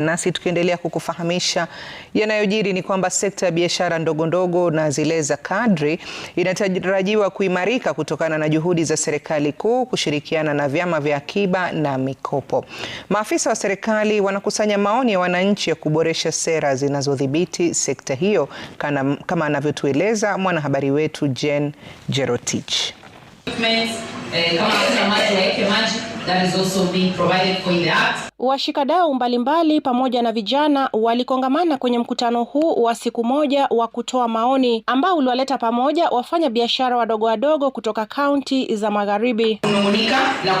Nasi tukiendelea kukufahamisha yanayojiri ni kwamba sekta ya biashara ndogo ndogo na zile za kadri inatarajiwa kuimarika kutokana na juhudi za serikali kuu kushirikiana na vyama vya akiba na mikopo. Maafisa wa serikali wanakusanya maoni ya wananchi ya kuboresha sera zinazodhibiti sekta hiyo, kama anavyotueleza mwanahabari wetu Jen Jerotich. Eh, Washikadau mbalimbali pamoja na vijana walikongamana kwenye mkutano huu wa siku moja wa kutoa maoni ambao uliwaleta pamoja wafanya biashara wadogo wadogo kutoka kaunti za magharibi. Kunung'unika na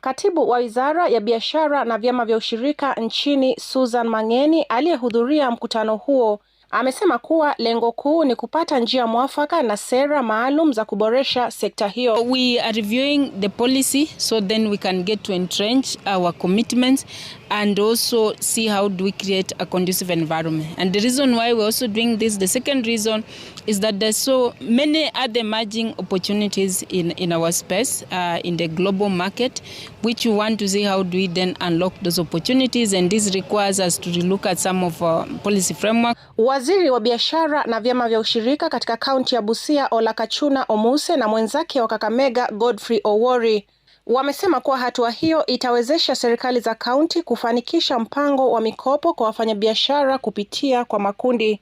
Katibu wa Wizara ya Biashara na Vyama vya Ushirika nchini Susan Mang'eni aliyehudhuria mkutano huo Amesema kuwa lengo kuu ni kupata njia mwafaka na sera maalum za kuboresha sekta hiyo. We are reviewing the policy so then we can get to entrench our commitments and also see how do we create a conducive environment and the reason why we're also doing this the second reason is that there's so many other emerging opportunities in, in our space uh, in the global market which we want to see how do we then unlock those opportunities and this requires us to look at some of our policy framework Waziri wa biashara na vyama vya ushirika katika kaunti ya Busia Ola Kachuna Omuse na mwenzake wa Kakamega Godfrey Owori Wamesema kuwa hatua hiyo itawezesha serikali za kaunti kufanikisha mpango wa mikopo kwa wafanyabiashara kupitia kwa makundi.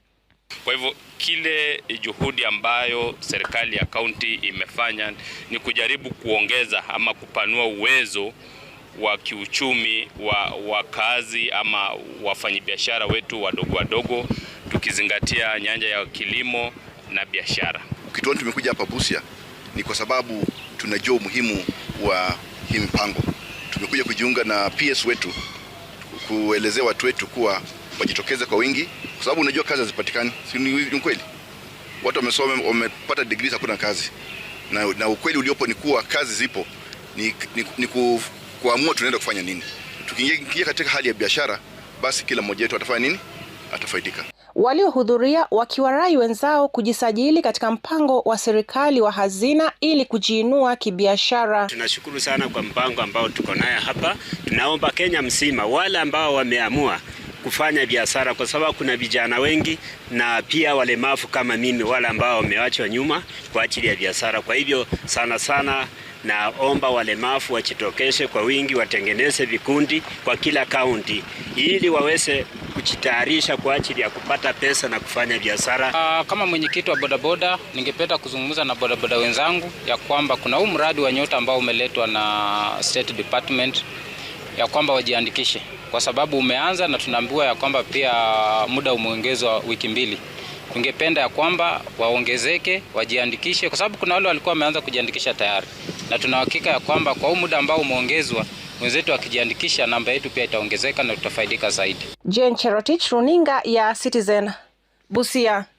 Kwa hivyo kile juhudi ambayo serikali ya kaunti imefanya ni kujaribu kuongeza ama kupanua uwezo wa kiuchumi wa wakazi ama wafanyabiashara wetu wadogo wadogo, tukizingatia nyanja ya kilimo na biashara. Ukituona tumekuja hapa Busia ni kwa sababu tunajua umuhimu wa hii mipango. Tumekuja kujiunga na PS wetu kuelezea watu wetu kuwa wajitokeze kwa wingi, kwa sababu unajua kazi hazipatikani, si ni kweli? Watu wamesoma wamepata degree, hakuna kazi na, na ukweli uliopo ni kuwa kazi zipo, ni, ni, ni ku, kuamua tunaenda kufanya nini. Tukiingia katika hali ya biashara, basi kila mmoja wetu atafanya nini, atafaidika waliohudhuria wakiwarai wenzao kujisajili katika mpango wa serikali wa hazina ili kujiinua kibiashara. Tunashukuru sana kwa mpango ambao tuko naye hapa. Tunaomba Kenya mzima, wale ambao wameamua kufanya biashara, kwa sababu kuna vijana wengi na pia walemavu kama mimi, wale ambao wamewachwa nyuma kwa ajili ya biashara. Kwa hivyo sana sana naomba walemavu wajitokeshe kwa wingi, watengeneze vikundi kwa kila kaunti ili waweze kujitayarisha kwa ajili ya kupata pesa na kufanya biashara. Ah, kama mwenyekiti wa bodaboda, ningependa kuzungumza na bodaboda wenzangu ya kwamba kuna huu mradi wa nyota ambao umeletwa na State Department ya kwamba wajiandikishe kwa sababu umeanza na tunaambiwa ya kwamba pia muda umeongezwa wiki mbili. Tungependa ya kwamba waongezeke, wajiandikishe, kwa sababu kuna wale walikuwa wameanza kujiandikisha tayari, na tunahakika ya kwamba kwa huu muda ambao umeongezwa mwenzetu akijiandikisha namba yetu pia itaongezeka na tutafaidika zaidi. Jane Cherotich, runinga ya Citizen, Busia.